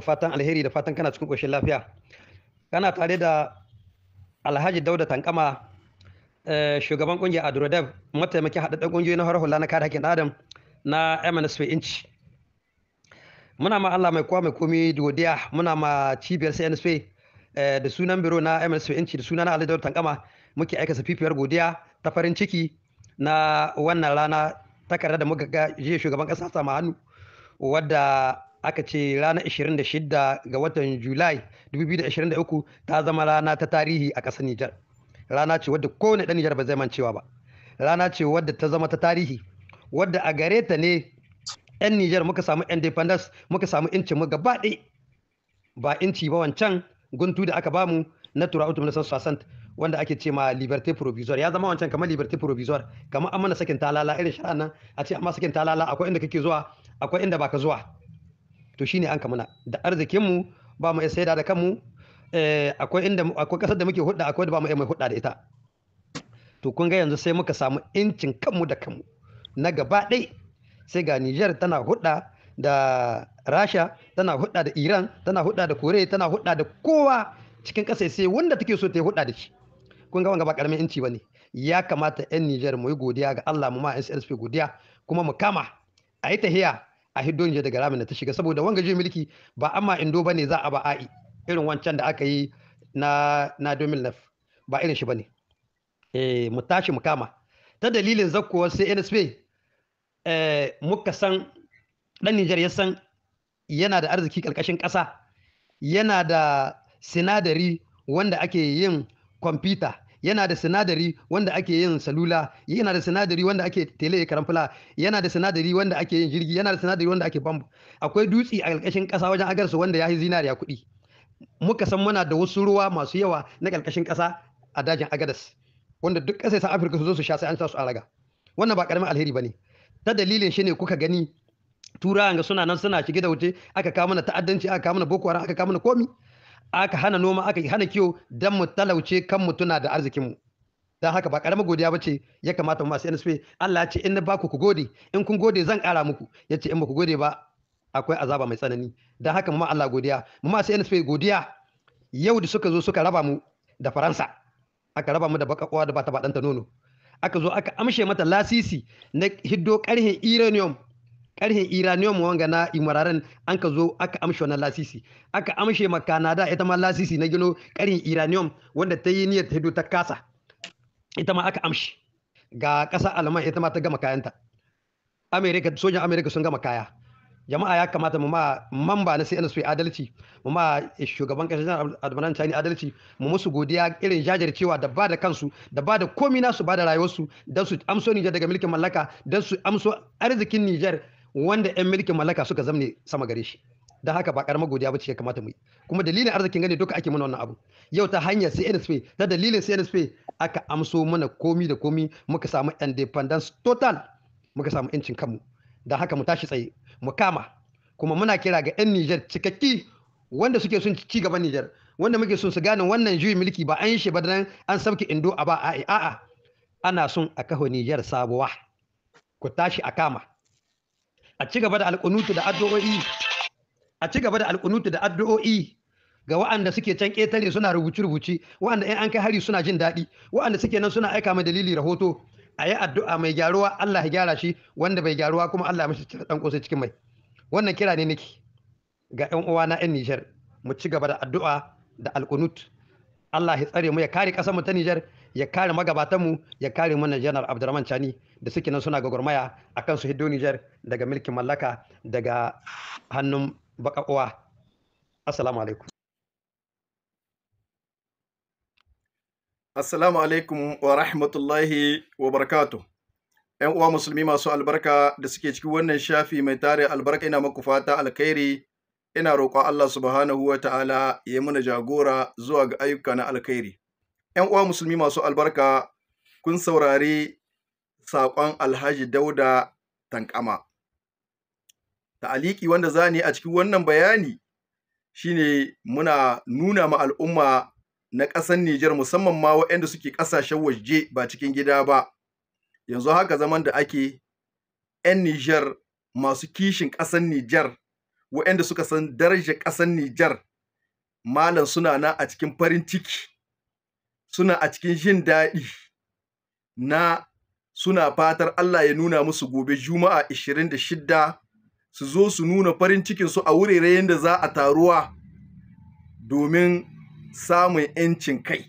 maka fatan alheri da fatan kana cikin ƙoshin lafiya kana tare da alhaji dauda tankama eh, shugaban ƙungiyar adrodeb mataimakin haɗaɗɗen ƙungiyoyi na hula na kare haƙƙin adam na mnsp inci muna ma allah mai kowa mai komi godiya muna ma cibiyar cnsp eh, da sunan biro na mnsp inci da sunan alhaji dauda tankama muke aika safifiyar godiya ta farin ciki na wannan rana takarda da muka ga shugaban ƙasa sama hannu wadda aka ce ranar 26 ga watan Julai 2023 ta zama rana ta tarihi a ƙasar Nijar. Rana ce wadda kowane ɗan Nijar ba zai mancewa ba. Rana ce wadda ta zama ta tarihi, wadda a gare ta ne 'yan Nijar muka samu independence muka samu inci mu gaba ba inci ba wancan guntu da aka bamu na tura utum na wanda ake ce ma liberté provisoire ya zama wancan kamar liberté provisoire kamar an mana sakin talala irin shari'a nan a ce amma sakin talala akwai inda kake zuwa akwai inda baka zuwa to shine an kamuna da arzikin mu ba mu iya saida da kanmu eh, akwai inda akwai kasar da muke hudda akwai da ba mu iya mai hudda da ita to kun ga yanzu sai muka samu incin kanmu da kanmu na gaba dai sai ga Niger tana hudda da Rasha tana hudda da Iran tana hudda da Korea tana hudda da kowa cikin ƙasa sai wanda take so ta yi hudda da shi kun ga wanga ba karamin inci bane ya kamata 'yan Niger mu yi godiya ga Allah mu ma SSP godiya kuma mu kama a yi tahiya a hiddo je daga ramin da ta shiga saboda wanga je mulki ba amma indo bane za a ba a'i irin wancan da aka yi na na 2009 ba irin shi bane eh mu tashi mu kama ta dalilin zakkowar sai NSP eh muka san dan Nijar ya san yana da arziki kalkashin ƙasa yana da sinadari wanda ake yin kwamfuta yana da sinadari wanda ake yin salula yana da sinadari wanda ake tele karamfula yana da sinadari wanda ake yin jirgi yana da sinadari wanda ake bambu akwai dutse a ƙarƙashin ƙasa wajen agarsu wanda ya yi zinariya kuɗi muka san muna da wasu ruwa masu yawa na ƙarƙashin ƙasa a dajin agadas wanda duk ƙasashen afirka su zo su sha sai an sa su a raga wannan ba ƙaramin alheri ba ne ta dalilin shi ne kuka gani turawan ga suna nan suna shige da wuce aka kawo mana ta'addanci aka kawo mana boko haram aka kawo mana komi aka hana noma aka hana kiwo dan mu talauce kan mu tuna da arzikin mu dan haka ba karamar godiya bace ya kamata mu masu NSP Allah ya ce in na baku ku gode in kun gode zan kara muku Ya ce in ba ku gode ba akwai azaba mai tsanani dan haka mu ma Allah godiya mu masu NSP godiya yau da suka zo suka raba mu da Faransa aka raba mu da bakakowa da ta ta nono aka zo aka amshe mata lasisi na hiddo karhe uranium karhin iranium wanga na imararen an ka zo aka amshe wannan lasisi aka amshe ma kanada ita ma lasisi na gino karhin iranium wanda ta yi niyyar hido ta kasa ita ma aka amshe ga ƙasa alman ita ma ta gama kayanta amerika sojan amerika sun gama kaya jama'a ya kamata mu ma mamba na CNSP adalci mu ma shugaban kasashen Adamanan Chani adalci mu musu godiya irin jajircewa da ba da kansu da ba da komina nasu ba da rayuwarsu don su amso Nijar daga mulkin mallaka don su amso arzikin Nijar wanda 'yan mulkin mallaka suka zamne sama gare shi da haka ba karamar godiya bace ya kamata mu yi kuma dalilin arzikin gani duka ake mana wannan abu yau ta hanyar CNSP ta dalilin CNSP aka amso mana komi da komi muka samu independence total muka samu yancin kanmu da haka mu tashi tsaye mu kama kuma muna kira ga 'yan Niger cikakki wanda suke son ci gaban Niger wanda muke son su gane wannan juyin mulki ba an shi ba dan an sauke indo a ba a'a ana son a kaho Niger sabuwa ku tashi a kama a ci gaba da alƙunutu da addu'o'i a ci gaba da alƙunutu da addu'o'i ga waɗanda suke can ƙetare suna rubuce-rubuce waɗanda in an kai hari suna jin daɗi waɗanda suke nan suna aika ma dalili rahoto a yi addu'a mai gyaruwa Allah ya gyara shi wanda bai gyaruwa kuma Allah ya mishi ɗan ƙosai cikin mai wannan kira ne Niki? ga 'yan uwa na 'yan Nijar mu ci gaba da addu'a da alƙunutu Allah ya tsare mu ya kare ƙasar mu ta Nijar ya kare magabatan mu ya kare mu Janar Abdurrahman Chani da suke nan suna gagarmaya akan su hiddo Nijar daga mulkin mallaka daga hannun baka uwa assalamu alaikum assalamu alaikum wa rahmatullahi wa barakatuh Ƴan uwa musulmi masu albarka da suke cikin wannan shafi mai tare albarka ina maku fata alkhairi ina roƙon Allah subhanahu wa ta'ala ya mana jagora zuwa ga ayyuka na alkhairi. ‘Yan uwa musulmi masu albarka, kun saurari saƙon Alhaji Dauda Tankama. Ta'aliki wanda za ni a cikin wannan bayani shine muna nuna ma al'umma na ƙasan Nijar musamman ma waɗanda suke ƙasashen waje ba cikin gida ba. Yanzu haka zaman da ake ‘yan Nijar masu kishin ƙasar Nijar waɗanda suka san darajar ƙasar Nijar malam suna na a cikin farin ciki suna a cikin jin daɗi na suna fatar Allah ya nuna musu gobe Juma'a 26 su zo su nuna farin cikinsu a wuraren da za a taruwa domin samun 'yancin kai.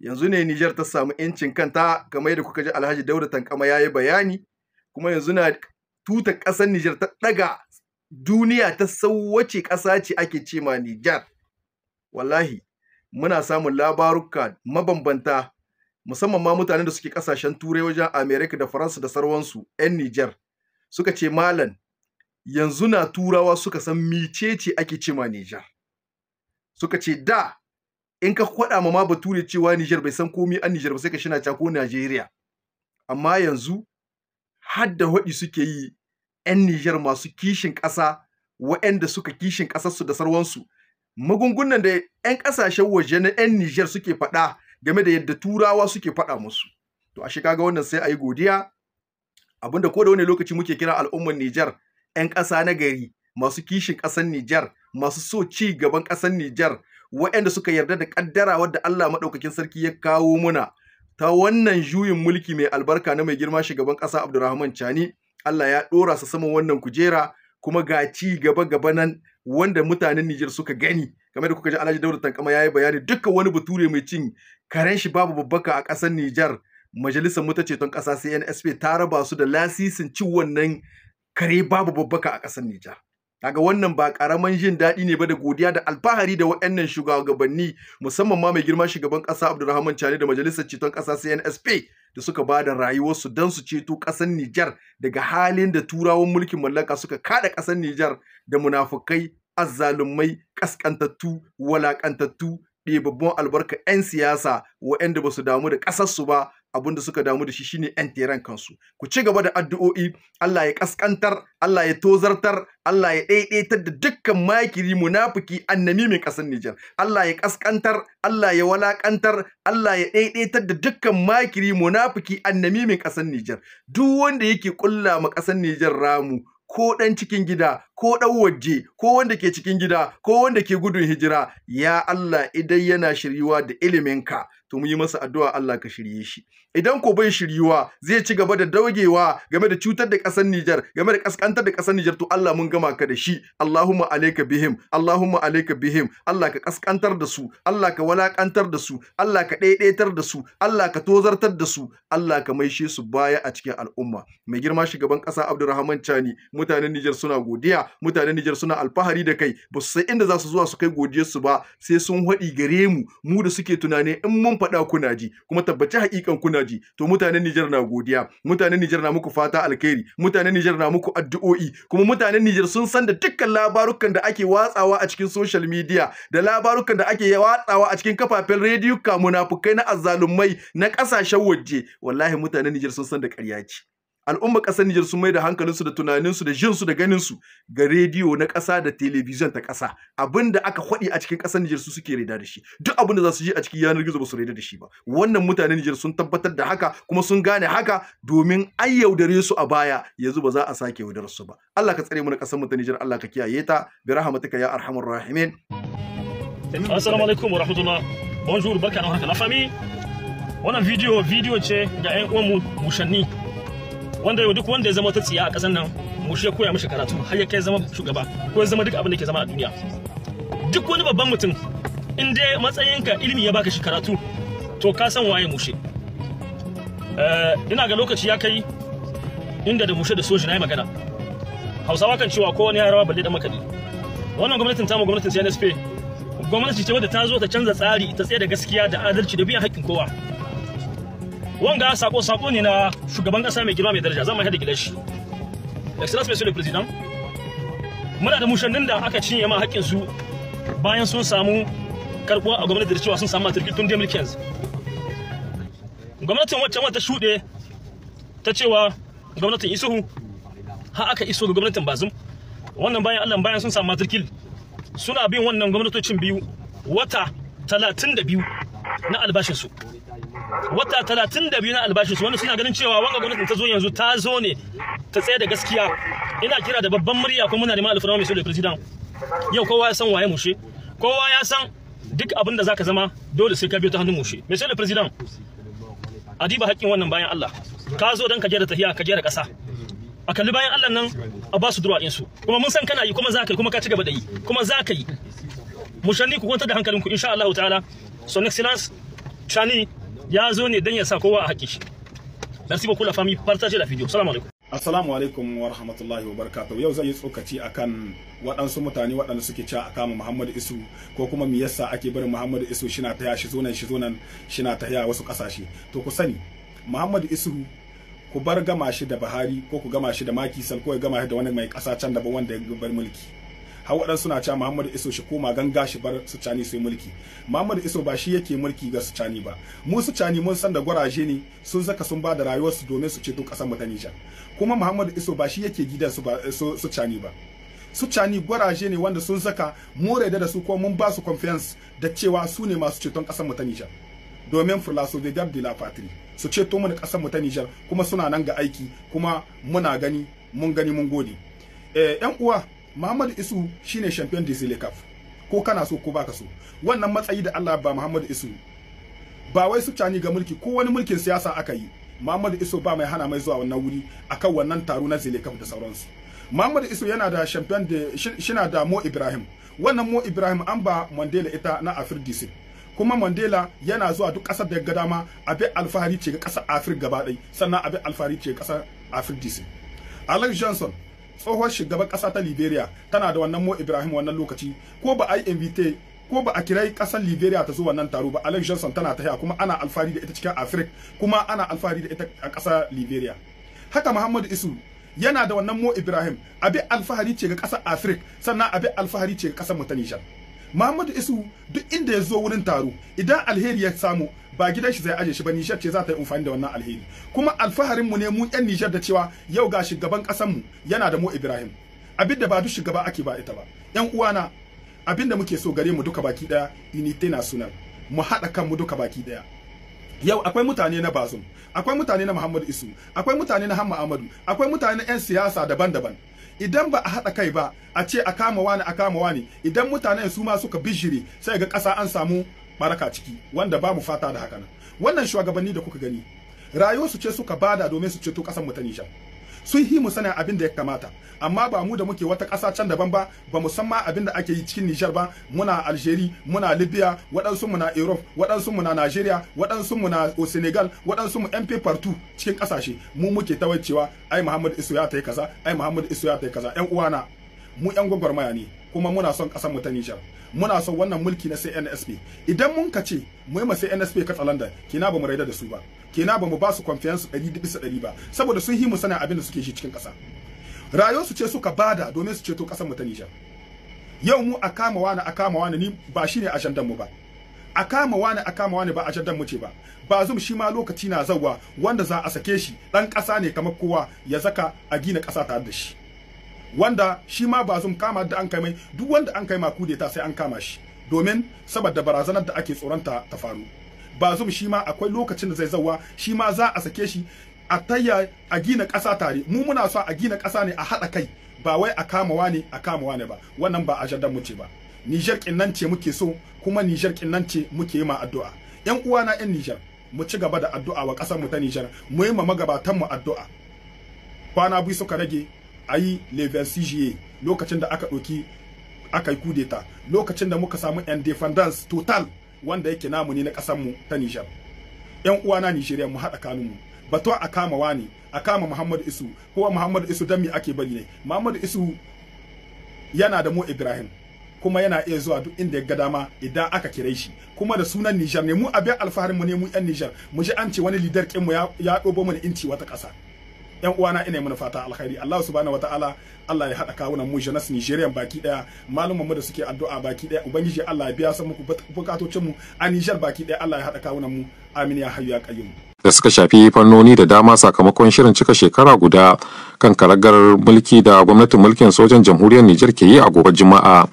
Yanzu ne Nijar ta samu 'yancin kanta kamar yadda kuka ji Alhaji Dauda Tankama ya yi bayani, kuma yanzu na tuta ƙasar Nijar ta ɗaga duniya ta sauwace ƙasa ce ake ce ma Nijar. Wallahi, muna samun labaruka mabambanta, musamman ma mutanen da suke ƙasashen Turai wajen Amerika da Faransa da sarwansu, 'yan Nijar. Suka ce Malam, yanzu na Turawa suka san micece ake ce ma Nijar. Suka ce da, in ka kwaɗa ma ma bature cewa Nijar bai san komi an Nijar ba sai ka shina ko Najeriya. Amma yanzu, hadda waɗi suke yi 'yan Nijar masu kishin ƙasa waɗanda suka kishin ƙasarsu da sarwansu. Magungunan da 'yan ƙasashen waje na 'yan Nijar suke faɗa game da yadda turawa suke faɗa musu. To a kaga wannan sai a yi godiya abinda ko da wani lokaci muke kira al'ummar Nijar 'yan ƙasa na gari masu kishin ƙasar Nijar masu so ci gaban ƙasar Nijar waɗanda suka yarda da ƙaddara wadda Allah maɗaukakin sarki ya kawo muna ta wannan juyin mulki mai albarka na mai girma shugaban ƙasa Abdulrahman Chani Allah ya ɗora su saman wannan kujera kuma ga ci gaba gaba nan wanda mutanen Nijar suka gani kamar da kuka ji Alhaji Dauda Tankama yayi bayani dukkan wani bature mai cin karen shi babu babbaka a ƙasar Nijar majalisar mu ta ceton ƙasa CNSP ta raba su da lasisin ci wannan kare babu babbaka a ƙasar Nijar kaga wannan ba karaman jin daɗi ne ba da godiya da alfahari da waɗannan shugabanni musamman ma mai girma shugaban ƙasa Abdulrahman Chani da majalisar ceton ƙasa CNSP da suka ba da rayuwarsu don su ceto ƙasar Nijar daga halin da turawan mulkin mallaka suka kada ƙasar Nijar da munafukai, azzalumai, ƙasƙantattu, walaƙantattu, ɗebabban albarka 'yan siyasa waɗanda ba su damu da ƙasarsu ba abin da suka damu da shi shine yan teran kansu ku ci gaba da addu'o'i Allah ya kaskantar Allah ya tozartar Allah ya ɗaiɗaitar da dukkan makiri munafuki annami mai ƙasar Nijar Allah ya kaskantar Allah ya walakantar Allah ya ɗaiɗaitar da dukkan makiri munafuki annami mai ƙasar Nijar duk wanda yake kulla ma ƙasar Nijar ramu ko ɗan cikin gida ko dan waje ko wanda ke cikin gida ko wanda ke gudun hijira ya Allah idan yana shiryuwa da iliminka to mu yi masa addu'a Allah ka shirye shi idan ko bai shiryuwa zai ci gaba da daugewa game da cutar da ƙasar Nijar game da kaskantar da ƙasar Nijar to Allah mun gama ka da shi Allahumma alayka bihim Allahumma alayka bihim Allah ka kaskantar da su Allah ka walakantar da su Allah ka daidaitar da su Allah ka tozartar da su Allah ka maishe su baya a cikin al'umma mai girma shugaban ƙasa Abdulrahman Chani mutanen Nijar suna godiya mutanen Nijar suna alfahari da kai ba su san inda za su zuwa su kai godiyar su ba sai sun haɗi gare mu mu da suke tunani in mun faɗa kuna ji kuma tabbaci haƙiƙan kuna to mutanen Nijar na godiya mutanen Nijar na muku fata alkhairi mutanen Nijar na muku addu'o'i kuma mutanen Nijar sun san da dukkan labarukan da ake watsawa a cikin social media da labarukan da ake watsawa a cikin kafafen rediyo ka munafukai na azzalumai na kasashen waje wallahi mutanen Nijar sun san da ƙarya ce al'umma ƙasar Nijar sun mai da hankalinsu da tunaninsu da jinsu da ganinsu ga rediyo na ƙasa da telebijin ta ƙasa abin da aka faɗi a cikin ƙasar Nijar su suke reda da shi duk abin da za su ji a cikin yanar gizo ba su reda da shi ba wannan mutanen Nijar sun tabbatar da haka kuma sun gane haka domin an yaudare su a baya yanzu ba za a sake yaudar su ba Allah ka tsare mu na ƙasar mu ta Nijar Allah ka kiyaye ta bi rahmatika ya arhamar rahimin Assalamu alaikum wa rahmatullah bonjour barka da warhaka la famille wannan video video ce ga ƴan uwan mu mushanni wanda duk wanda ya zama ta tsiya a ƙasar nan mu shi ya koya mishi karatu har ya kai zama shugaba ko ya zama duk abin da ke zama a duniya duk wani babban mutum in dai matsayinka ilimi ya baka shi karatu to ka san waye mushe eh, ina ga lokaci ya kai inda da mushe da soji na yi magana hausawa kan cewa wani ya rawa balle da makaɗi wannan gwamnatin tamu gwamnatin cnsp gwamnati ce wadda ta zo ta canza tsari ta tsaye da gaskiya da adalci da biyan haƙƙin kowa wanga sako sako ne na shugaban kasa mai girma mai daraja zan mai da shi excellence monsieur le president muna da mushannin da aka cinye ma hakkin su bayan sun samu karbuwa a gwamnati da cewa sun samu matarki tun 2015 gwamnatin wacce wata shuɗe ta cewa gwamnatin isuhu ha aka iso ga gwamnatin bazum wannan bayan allah bayan sun samu matarkil suna bin wannan gwamnatocin biyu wata talatin da biyu na albashinsu wata talatin da biyu na albashinsu wani suna ganin cewa wanga gwamnatin ta zo yanzu ta zo ne ta tsaye da gaskiya ina kira da babban murya kuma muna neman alfarma mai sulhu president yau kowa ya san waye mushe kowa ya san duk abin da zaka zama dole sai ka biyo ta hannun mushe mai sulhu president adiba haƙƙin wannan bayan Allah ka zo don ka gyara tahiya ka gyara ƙasa a kalli bayan Allah nan a ba su duwa'in su kuma mun san kana yi kuma za ka yi kuma ka ci gaba da yi kuma za ka yi mushanni ku kwanta da hankalinku insha Allah ta'ala son excellence Chani ya zo ne don ya sa kowa a haƙi shi merci beaucoup la famille partagez la vidéo assalamu alaikum Assalamu alaikum wa rahmatullahi wa barakatuh. Yau zan yi tsokaci akan waɗansu mutane waɗanda suke cewa a kama Muhammadu Isu ko kuma me yasa ake barin Muhammadu Isu shina ta shi zo nan shi zo nan shina ta wasu ƙasashe. To ku sani Muhammadu Isu ku bar gama shi da Buhari ko ku gama shi da Makisal ko ya gama shi da wani mai ƙasa can ba wanda ya bar mulki. har waɗansu na cewa Muhammadu Iso shi koma ganga shi bar su cani sai mulki Muhammadu Iso ba shi yake mulki ga su cani ba mu su cani mun san da gwaraje ne sun zaka sun ba da rayuwar su domin su ceto ƙasar mu kuma Muhammadu Iso ba shi yake gidan su ba su cani ba su cani gwaraje ne wanda sun zaka mu raida da su ko mun ba su confidence da cewa su ne masu ceton ƙasar mu domin furla sauvegarde de la su ceto mu da ƙasar mu ta kuma suna nan ga aiki kuma muna gani mun gani mun gode eh yan uwa Muhammadu Isu shine champion DC Zile Cup ko kana so ko baka so wannan matsayi da Allah ba Muhammadu Isu ba wai su cani ga mulki ko wani mulkin siyasa aka yi Muhammadu Isu ba mai hana mai zuwa wannan wuri akan wannan taro na Zile Cup da sauransu Muhammadu Isu yana da champion da shina da Mo Ibrahim wannan Mo Ibrahim an ba Mandela ita na DC. kuma Mandela yana zuwa duk ƙasar da ga dama abin alfahari ce ga ƙasar afir gaba ɗaya sannan abin alfahari ce ga ƙasar DC. Alex Johnson tsohon shugaban ƙasa ta liberia tana da wannan mo ibrahim wannan lokaci ko ba a yi invite ko ba a kira kasar liberia ta zo wannan taro ba alex johnson tana tahiya kuma ana alfahari da ita cikin afirka kuma ana alfahari da ita a ƙasar liberia haka muhammadu isu yana da wannan mo ibrahim abi alfahari ce ga ƙasar afirik sannan abin alfahari ce ga ƙasar mu Muhammadu Isu duk inda ya zo wurin taro idan alheri ya samu ba gidan shi zai aje shi ba Nijar ce za ta yi amfani da wannan alheri kuma alfaharin mu ne mu yan Nijar da cewa yau ga shugaban kasan mu yana da mu Ibrahim abinda ba duk shugaba ake ba ita ba yan na abinda muke so gare mu duka baki daya unity national mu haɗa mu duka baki daya yau akwai mutane na Bazum akwai mutane na Muhammadu Isu akwai mutane na Hamma Ahmadu akwai mutane na yan siyasa daban-daban idan ba a haɗa kai ba a ce a kama wani a kama wani idan mutanen su ma suka bijire sai ga ƙasa an samu baraka ciki wanda ba mu fata da haka nan wannan shugabanni da kuka gani rayuwarsu ce suka bada domin su ceto ƙasar mu ta Nijar sun yi mu sanin abin da ya kamata amma ba mu da muke wata ƙasa can daban ba ba mu san ma abin da ake yi cikin Nijar ba muna Algeria muna Libya waɗansu mu na Europe waɗansu mu na Nigeria waɗansu mu na Senegal waɗansu mu MP partout cikin ƙasashe mu muke tawaicewa ai Muhammad Isu ya yi kaza ai Muhammad Isu ya yi kaza ƴan uwana mu ƴan gwagwarmaya ne kuma muna son kasar mu ta Niger muna son wannan mulki na CNSP idan mun ka ce mu ma CNSP katsalanda kina ba mu raida da su ba kina ba mu ba su ɗari 100 bisa ɗari ba saboda sun hi mu sanin abin da suke shi cikin ƙasa rayuwar su ce suka bada domin su ceto kasar mu ta Nijar yau mu a kama wani a kama wani ni ba shine ajandan mu ba a kama wani a kama wani ba a mu ce ba ba zum shi ma lokaci na zawa wanda za a sake shi dan ƙasa ne kamar kowa ya zaka a gina ƙasa tare da shi wanda shi ma bazum kama da an kai mai duk wanda an kai ma ta sai an kama shi domin saboda barazanar da ake tsoronta ta faru bazum shi ma akwai lokacin da zai zawa shi ma za a sake shi a tayya a gina ƙasa tare mu muna so a gina ƙasa ne a haɗa kai ba wai a kama ne a kama ne ba wannan ba ajandar mu ce ba Niger kinnan ce muke so kuma Niger kinnan ce muke ma addu'a yan na yan Niger mu ci gaba da addu'a wa ƙasar mu ta Niger mu yi ma magabatan mu addu'a kwana biyu suka rage a yi cga lokacin da aka ɗauki aka yi kudeta lokacin da muka samu independence total wanda yake namu ne na ƙasanmu ta nijar yan uwana nijeriya mu haɗa kanunmu batuwa a kama wani a kama muhammadu isu kowa muhammadu isu don me ake bari ne muhammadu isu yana da mu ibrahim kuma yana iya zuwa duk inda ya ga dama idan aka kire shi kuma da sunan nijar ne mu abin alfaharin mu ne mu yan nijar mu ji an ce wani lidar kinmu ya ɗobo mu da inci wata ƙasa yan uwana ina mana fata alkhairi Allah subhanahu wataala Allah ya hada kawunan mu su nigeria baki daya malumman mu da suke addu'a baki daya ubangiji Allah ya biya san muku bukatocin mu a Niger baki daya Allah ya hada kawunan mu amin ya hayyu ya qayyum da suka shafi fannoni da dama sakamakon shirin cika shekara guda kan karagar mulki da gwamnatin mulkin sojan jamhuriyar niger ke yi a gobe Juma'a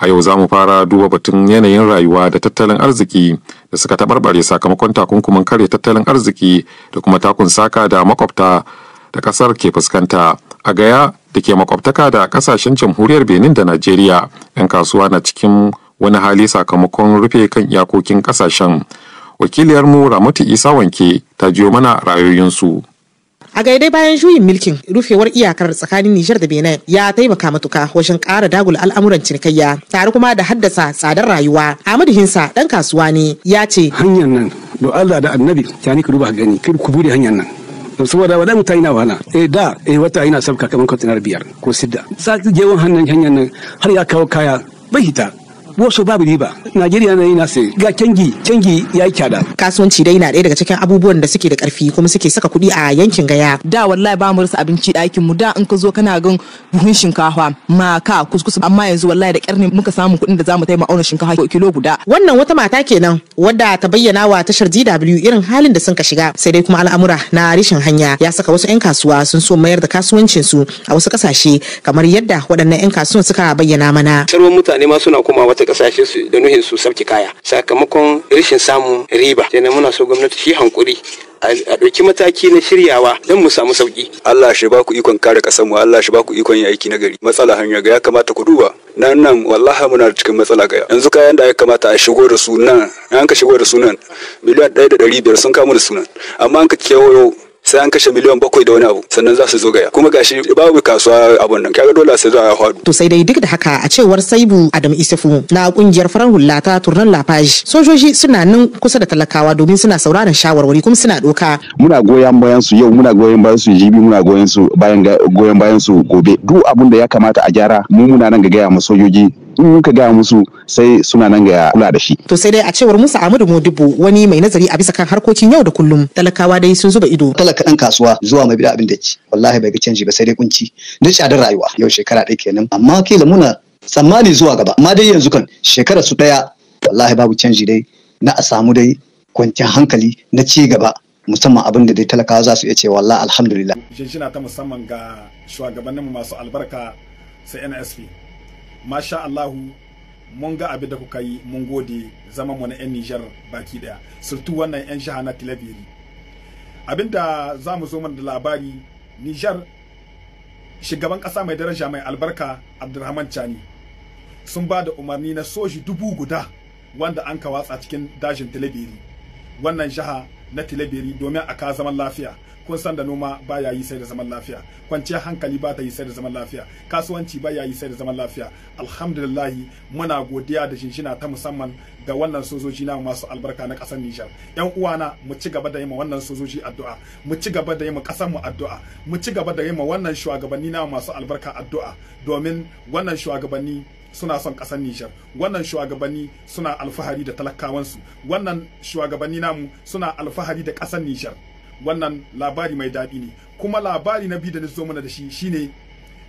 a yau za mu fara duba batun yanayin rayuwa da tattalin arziki da suka tabarbare sakamakon takunkuman kare tattalin arziki da kuma takun saka da makwabta da kasar ke fuskanta a gaya da ke makwabtaka da kasashen jamhuriyar benin da najeriya 'yan kasuwa na cikin wani hali sakamakon rufe kan iyakokin kasashen mu ramatu isa wanke ta jiyo mana rayoyinsu a gaidai bayan juyin milkin rufewar iyakar tsakanin nijar da benin ya taimaka matuka wajen kara dagula al'amuran cinikayya tare kuma da haddasa tsadar rayuwa a hinsa ɗan kasuwa ne ya ce hanyar nan da allah da annabi ta ni ka duba gani ku bude hanyar nan saboda wadai mutane ina wahala eh da eh wata ina sabka kamar kwantinar biyar ko sidda sa jewon hanyar hanyar nan har ya kawo kaya bai hita wasu babu ba. najeriya na yi nasi. ga cangi ya yi kyada kasuwanci dai na ɗaya daga cikin abubuwan da suke da ƙarfi kuma suke saka kuɗi a yankin gaya da wallahi ba mu rasa abinci ɗakin mu da in ka zo kana gan buhun shinkafa maka kuskus amma yanzu wallahi da ƙarni muka samu kuɗin da zamu taimaka auna shinkafa kilo guda wannan wata mata kenan wadda ta bayyana wa tashar DW irin halin da sun ka shiga sai dai kuma al'amura na rashin hanya ya saka wasu 'yan kasuwa sun so mayar da kasuwancin su a wasu kasashe kamar yadda waɗannan 'yan kasuwan suka bayyana mana. kasashe su da nuhin su sabki kaya sakamakon rashin samun riba kenan muna so gwamnati shi hankuri a ɗauki mataki na shiryawa don mu samu sauki. Allah shi ku ikon kare ƙasar mu Allah shi ku ikon yin aiki na gari matsala hanya ga ya kamata ku duba nan nan wallahi muna da cikin matsala ga yanzu kayan da ya kamata a shigo da su nan an ka shigo da su nan miliyan ɗaya da ɗari biyar sun kamo da su nan amma an ka kewayo sai an kashe miliyan bakwai da wani abu sannan za su zo gaya kuma gashi babu kasuwa abun nan kaga dole sai za a hadu to sai dai duk da haka a cewar Saibu Adam Isufu na kungiyar farar hula ta Turnan Lafaji sojoji suna nan kusa da talakawa domin suna sauraron shawarwari kuma suna doka muna goyon bayan su yau muna goyon bayan su jibi muna goyon su bayan goyon bayan su gobe duk abun da ya kamata a gyara mu muna nan ga gaya mu sojoji in ka gaya musu sai suna nan ga kula da shi to sai dai a cewar Musa Ahmadu Modibo wani mai nazari a bisa kan harkokin yau da kullum talakawa dai sun zuba ido talaka ɗan kasuwa zuwa mai bida abin da ci wallahi bai ga canji ba sai dai kunci duk tsadar rayuwa yau shekara ɗaya kenan amma kila muna tsammani zuwa gaba amma dai yanzu kan shekara su ɗaya wallahi babu canji dai na a samu dai kwanciyar hankali na ci gaba musamman abin da dai talakawa za su iya ce wallah alhamdulillah. Shinshina ta musamman ga shugabanninmu masu albarka sai NSP. masha Allahu mun ga abin da kuka yi mun gode zama mu na 'yan Nijar baki daya surtu wannan 'yan jiha na Tilabiri da za mu zo mana da labari Nijar shugaban ƙasa mai daraja mai albarka Abdulrahman Chani sun ba da umarni na soji dubu guda wanda an ka watsa cikin dajin Tilabiri wannan jiha na tilaberi domin a ka zaman lafiya kun san da noma ya yi sai da zaman lafiya kwanciyar hankali ba ta yi sai da zaman lafiya kasuwanci ba ya yi sai da zaman lafiya alhamdulillah muna godiya da shinshina ta musamman ga wannan sojoji na masu albarka na kasar Nijar yan uwana mu ci gaba da yi ma wannan sojoji addu'a mu ci gaba da yi ma kasar mu addu'a mu ci gaba da yi ma wannan shugabanni na masu albarka addu'a domin wannan shugabanni suna son kasar Nijar wannan shugabanni suna alfahari da talakawansu wannan shugabanni namu suna alfahari da kasar Nijar wannan labari mai daɗi ne kuma labari na biyu da zo mana da shi shine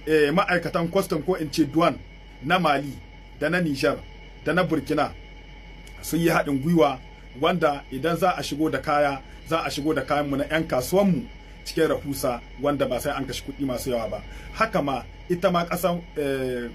eh, ma'aikatan kwastam ko in ce duwan na Mali da na Nijar da na Burkina sun yi haɗin gwiwa wanda idan za a shigo da kaya za a shigo da kayanmu na 'yan kasuwanmu cikin rahusa wanda ba sai an kashi kuɗi masu yawa ba haka ma ita ma ƙasar eh,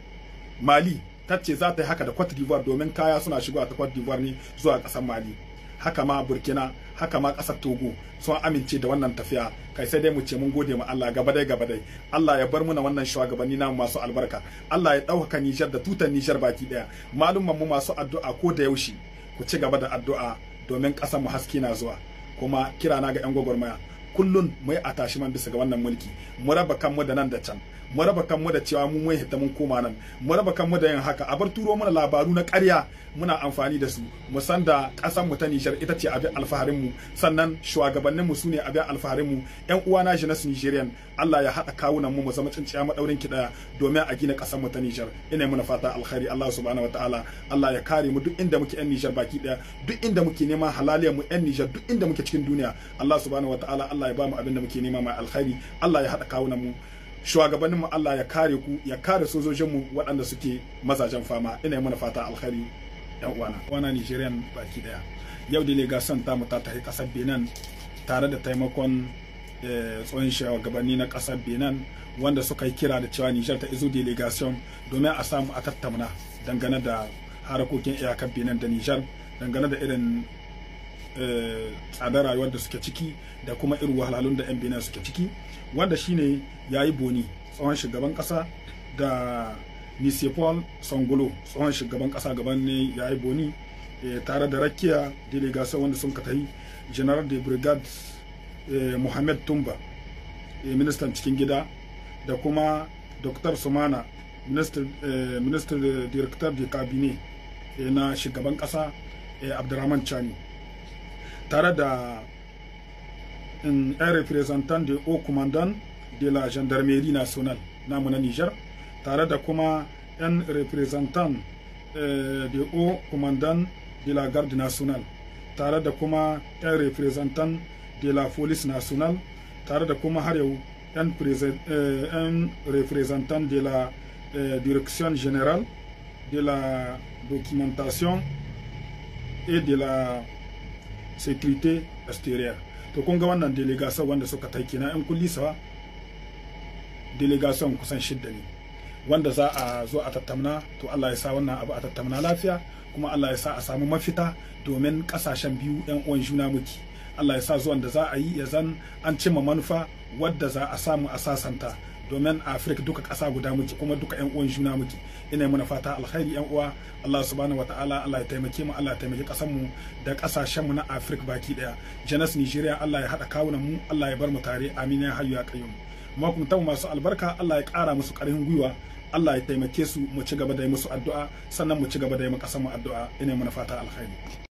mali ta ce za ta yi haka da cote d'ivoire domin kaya suna shigo ta cote d'ivoire ne zuwa kasar mali haka ma burkina haka ma ƙasar togo sun amince da wannan tafiya kai sai dai mu ce mun gode ma Allah gaba dai gaba dai Allah ya bar muna wannan shugabanni namu masu albarka Allah ya ɗaukaka Nijar da tutar Nijar baki ɗaya malumman mu masu addu'a ko da yaushe ku ci gaba da addu'a domin ƙasar mu haske na zuwa kuma kirana ga 'yan gwagwarmaya kullun mu yi a tashi man bisa ga wannan mulki mu raba kanmu da nan da can mu raba kanmu da cewa mu mun hidda mun koma nan mu raba kanmu da yin haka a bar turo mana labaru na ƙarya muna amfani da su mu san da ƙasar mu ta Nijar ita ce abin alfaharin mu sannan shugabannin mu su sune abin alfaharin mu ƴan uwa na shi Nigerian Allah ya haɗa kawunan mu mu zama tsinciya madaurin ki daya domin a gina ƙasar mu ta Nijar ina muna fata alkhairi Allah subhanahu wataala Allah ya kare mu duk inda muke ƴan Nijar baki daya duk inda muke neman halaliyar mu ƴan Nijar duk inda muke cikin duniya Allah subhanahu wataala Allah ya ba mu abin da muke nema mai alkhairi Allah ya haɗa kawunan mu shugabannin mu Allah ya kare ku ya kare sojojin mu waɗanda suke mazajen fama ina mana fata alkhairi yan uwana wana Nigerian baki daya yau da delegation ta mu ta tafi kasar Benin tare da taimakon eh, tsohon shugabanni na kasar Benin wanda suka yi kira da cewa Niger ta izo delegation domin a samu a tattauna dangane da harakokin iyakar Benin da Niger dangane da irin Eh, tsadar rayuwar da suke ciki da kuma irin wahalhalun da 'yan benin suke ciki wanda shine ya yi boni tsohon shugaban kasa da nisipol paul sangolo tsohon shugaban kasa gaban ne ya yi boni eh, tare da rakiya delegasa wanda sun katayi general de brigade eh, mohamed tumba ministan cikin gida da kuma dr sumana minister director de cabinet na shugaban kasa abdurrahman chani Tarada, un représentant du haut commandant de la gendarmerie nationale dans niger Tarada, da kuma représentant euh, haut commandant de la garde nationale Tarada, da kuma un de la police nationale Tarada, da kuma euh, de la euh, direction générale de la documentation et de la security exterior to kun ga wannan delegation wanda suka tai na yan kullisawa delegation kusan shidda ne wanda za a zo a tattauna to Allah ya sa wannan abu a tattauna lafiya kuma Allah ya sa a samu mafita domin kasashen biyu yan uwan juna muke Allah ya sa zuwan da za a yi ya zan an cimma manufa wadda za a samu a sasanta domin afirka duka kasa guda muke kuma duka yan uwan juna muke ina muna fata alkhairi yan uwa allah subhanahu wataala allah ya taimake mu allah ya taimake ƙasar mu da ƙasashen mu na afirka baki daya janas nigeria allah ya haɗa kawunan mu allah ya bar mu tare amin ya hayyu ya qayyum makuntan masu albarka allah ya kara musu ƙarfin gwiwa Allah ya taimake su mu ci gaba da yi musu addu'a sannan mu ci gaba da yi mu ƙasar mu addu'a ina muna fata alkhairi